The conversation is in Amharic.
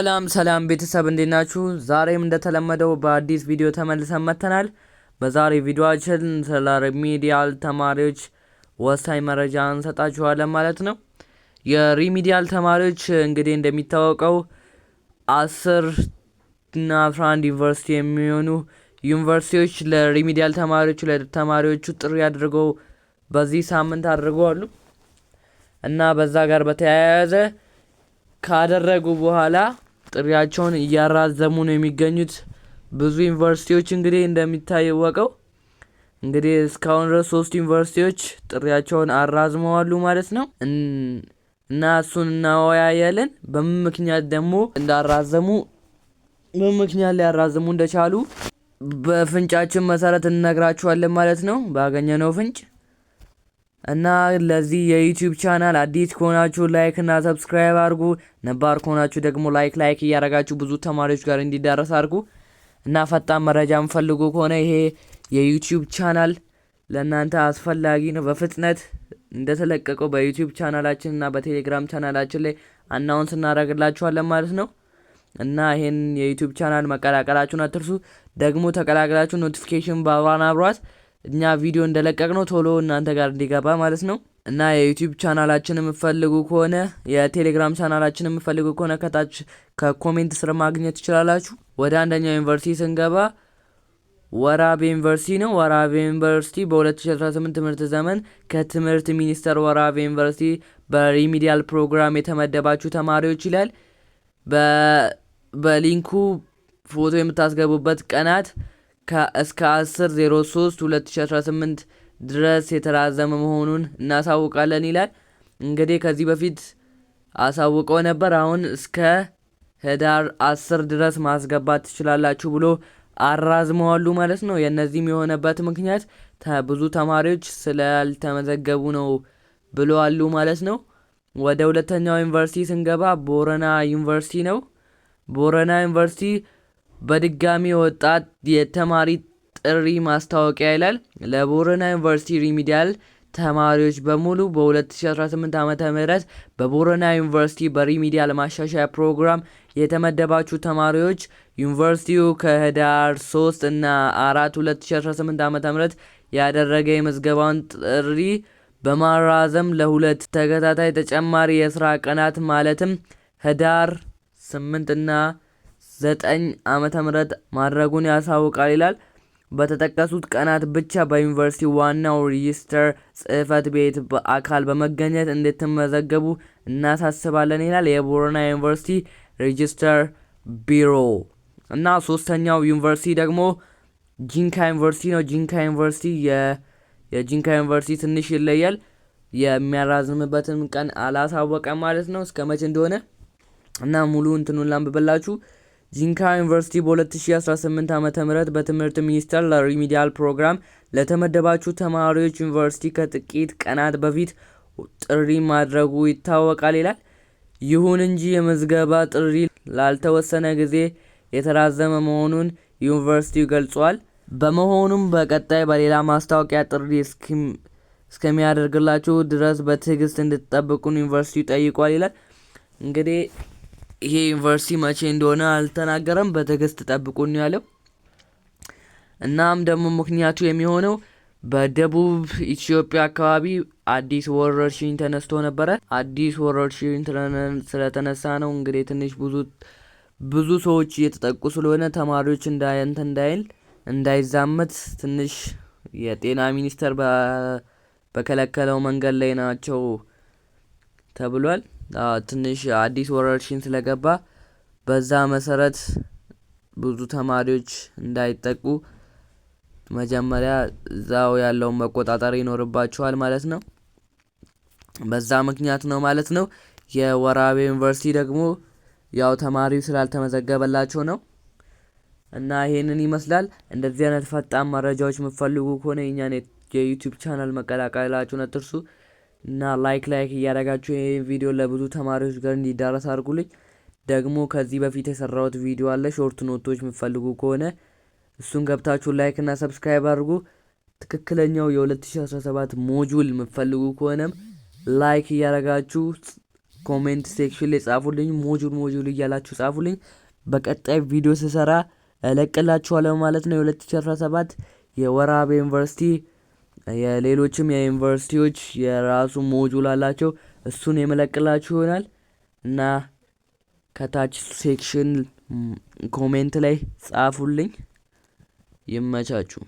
ሰላም ሰላም ቤተሰብ እንዴት ናችሁ? ዛሬም እንደተለመደው በአዲስ ቪዲዮ ተመልሰን መጥተናል። በዛሬ ቪዲዮአችን ስለ ሪሚዲያል ተማሪዎች ወሳኝ መረጃ እንሰጣችኋለን ማለት ነው። የሪሚዲያል ተማሪዎች እንግዲህ እንደሚታወቀው አስር እና አስራ አንድ ዩኒቨርሲቲ የሚሆኑ ዩኒቨርሲቲዎች ለሪሚዲያል ተማሪዎች ለተማሪዎቹ ጥሪ አድርገው በዚህ ሳምንት አድርገዋሉ እና በዛ ጋር በተያያዘ ካደረጉ በኋላ ጥሪያቸውን እያራዘሙ ነው የሚገኙት። ብዙ ዩኒቨርሲቲዎች እንግዲህ እንደሚታወቀው እንግዲህ እስካሁን ድረስ ሶስት ዩኒቨርሲቲዎች ጥሪያቸውን አራዝመዋሉ ማለት ነው እና እሱን እናወያያለን። በምን ምክንያት ደግሞ እንዳራዘሙ በምን ምክንያት እንደቻሉ በፍንጫችን መሰረት እንነግራችኋለን ማለት ነው፣ ባገኘነው ፍንጭ እና ለዚህ የዩቲዩብ ቻናል አዲስ ከሆናችሁ ላይክ እና ሰብስክራይብ አድርጉ። ነባር ከሆናችሁ ደግሞ ላይክ ላይክ እያደረጋችሁ ብዙ ተማሪዎች ጋር እንዲዳረስ አድርጉ እና ፈጣን መረጃ የምፈልጉ ከሆነ ይሄ የዩቲዩብ ቻናል ለእናንተ አስፈላጊ ነው። በፍጥነት እንደተለቀቀው በዩቲዩብ ቻናላችን እና በቴሌግራም ቻናላችን ላይ አናውንስ እናደርግላችኋለን ማለት ነው። እና ይህን የዩቲዩብ ቻናል መቀላቀላችሁን አትርሱ። ደግሞ ተቀላቅላችሁ ኖቲፊኬሽን ባባን አብሯት እኛ ቪዲዮ እንደለቀቅ ነው ቶሎ እናንተ ጋር እንዲገባ ማለት ነው። እና የዩቲዩብ ቻናላችን የምፈልጉ ከሆነ የቴሌግራም ቻናላችን የምፈልጉ ከሆነ ከታች ከኮሜንት ስር ማግኘት ትችላላችሁ። ወደ አንደኛው ዩኒቨርሲቲ ስንገባ ወራቤ ዩኒቨርሲቲ ነው። ወራቤ ዩኒቨርሲቲ በ2018 ትምህርት ዘመን ከትምህርት ሚኒስቴር ወራቤ ዩኒቨርሲቲ በሪሚዲያል ፕሮግራም የተመደባችሁ ተማሪዎች ይላል። በሊንኩ ፎቶ የምታስገቡበት ቀናት እስከ 10 03 2018 ድረስ የተራዘመ መሆኑን እናሳውቃለን ይላል። እንግዲህ ከዚህ በፊት አሳውቀው ነበር። አሁን እስከ ህዳር 10 ድረስ ማስገባት ትችላላችሁ ብሎ አራዝመዋሉ ማለት ነው። የእነዚህም የሆነበት ምክንያት ብዙ ተማሪዎች ስላልተመዘገቡ ነው ብለዋሉ ማለት ነው። ወደ ሁለተኛው ዩኒቨርሲቲ ስንገባ ቦረና ዩኒቨርሲቲ ነው። ቦረና ዩኒቨርሲቲ በድጋሚ ወጣት የተማሪ ጥሪ ማስታወቂያ ይላል ለቦረና ዩኒቨርሲቲ ሪሚዲያል ተማሪዎች በሙሉ በ2018 ዓ ም በቦረና ዩኒቨርሲቲ በሪሚዲያል ማሻሻያ ፕሮግራም የተመደባችሁ ተማሪዎች ዩኒቨርሲቲው ከህዳር 3 እና 4 2018 ዓ ም ያደረገ የምዝገባውን ጥሪ በማራዘም ለሁለት ተከታታይ ተጨማሪ የስራ ቀናት ማለትም ህዳር 8 እና ዘጠኝ ዓመተ ምህረት ማድረጉን ያሳውቃል ይላል። በተጠቀሱት ቀናት ብቻ በዩኒቨርሲቲ ዋናው ሪጅስተር ጽህፈት ቤት በአካል በመገኘት እንድትመዘገቡ እናሳስባለን ይላል የቦረና ዩኒቨርሲቲ ሬጅስተር ቢሮ። እና ሶስተኛው ዩኒቨርሲቲ ደግሞ ጂንካ ዩኒቨርሲቲ ነው። ጂንካ ዩኒቨርሲቲ የጂንካ ዩኒቨርሲቲ ትንሽ ይለያል። የሚያራዝምበትን ቀን አላሳወቀም ማለት ነው እስከ መቼ እንደሆነ እና ሙሉ እንትኑን ላንብበላችሁ። ጂንካ ዩኒቨርሲቲ በ2018 ዓ ም በትምህርት ሚኒስቴር ለሪሚዲያል ፕሮግራም ለተመደባችሁ ተማሪዎች ዩኒቨርሲቲ ከጥቂት ቀናት በፊት ጥሪ ማድረጉ ይታወቃል ይላል። ይሁን እንጂ የምዝገባ ጥሪ ላልተወሰነ ጊዜ የተራዘመ መሆኑን ዩኒቨርሲቲው ገልጿል። በመሆኑም በቀጣይ በሌላ ማስታወቂያ ጥሪ እስከሚያደርግላችሁ ድረስ በትዕግስት እንድትጠብቁን ዩኒቨርሲቲው ጠይቋል ይላል እንግዲህ ይሄ ዩኒቨርሲቲ መቼ እንደሆነ አልተናገረም። በትዕግስት ጠብቁ ነው ያለው። እናም ደግሞ ምክንያቱ የሚሆነው በደቡብ ኢትዮጵያ አካባቢ አዲስ ወረርሽኝ ተነስቶ ነበረ። አዲስ ወረርሽኝ ስለተነሳ ነው እንግዲህ ትንሽ ብዙ ብዙ ሰዎች እየተጠቁ ስለሆነ ተማሪዎች እንዳያንተ እንዳይል እንዳይዛመት ትንሽ የጤና ሚኒስቴር በከለከለው መንገድ ላይ ናቸው ተብሏል። ትንሽ አዲስ ወረርሽኝ ስለገባ በዛ መሰረት ብዙ ተማሪዎች እንዳይጠቁ መጀመሪያ እዛው ያለውን መቆጣጠር ይኖርባቸዋል ማለት ነው። በዛ ምክንያት ነው ማለት ነው። የወራቤ ዩኒቨርሲቲ ደግሞ ያው ተማሪው ስላልተመዘገበላቸው ነው እና ይህንን ይመስላል። እንደዚህ አይነት ፈጣን መረጃዎች የምትፈልጉ ከሆነ የኛን የዩቲዩብ ቻናል መቀላቀላችሁን አትርሱ። እና ላይክ ላይክ እያደረጋችሁ ይህ ቪዲዮ ለብዙ ተማሪዎች ጋር እንዲዳረስ አድርጉልኝ። ደግሞ ከዚህ በፊት የሰራሁት ቪዲዮ አለ፣ ሾርት ኖቶች የምትፈልጉ ከሆነ እሱን ገብታችሁ ላይክ እና ሰብስክራይብ አድርጉ። ትክክለኛው የ2017 ሞጁል የምትፈልጉ ከሆነም ላይክ እያደረጋችሁ ኮሜንት ሴክሽን ላይ ጻፉልኝ። ሞጁል ሞጁል እያላችሁ ጻፉልኝ። በቀጣይ ቪዲዮ ስሰራ እለቅላችኋለሁ ማለት ነው። የ2017 የወራቤ ዩኒቨርሲቲ የሌሎችም የዩኒቨርሲቲዎች የራሱ ሞጁል አላቸው እሱን የመለቅላችሁ ይሆናል እና ከታች ሴክሽን ኮሜንት ላይ ጻፉልኝ ይመቻችሁ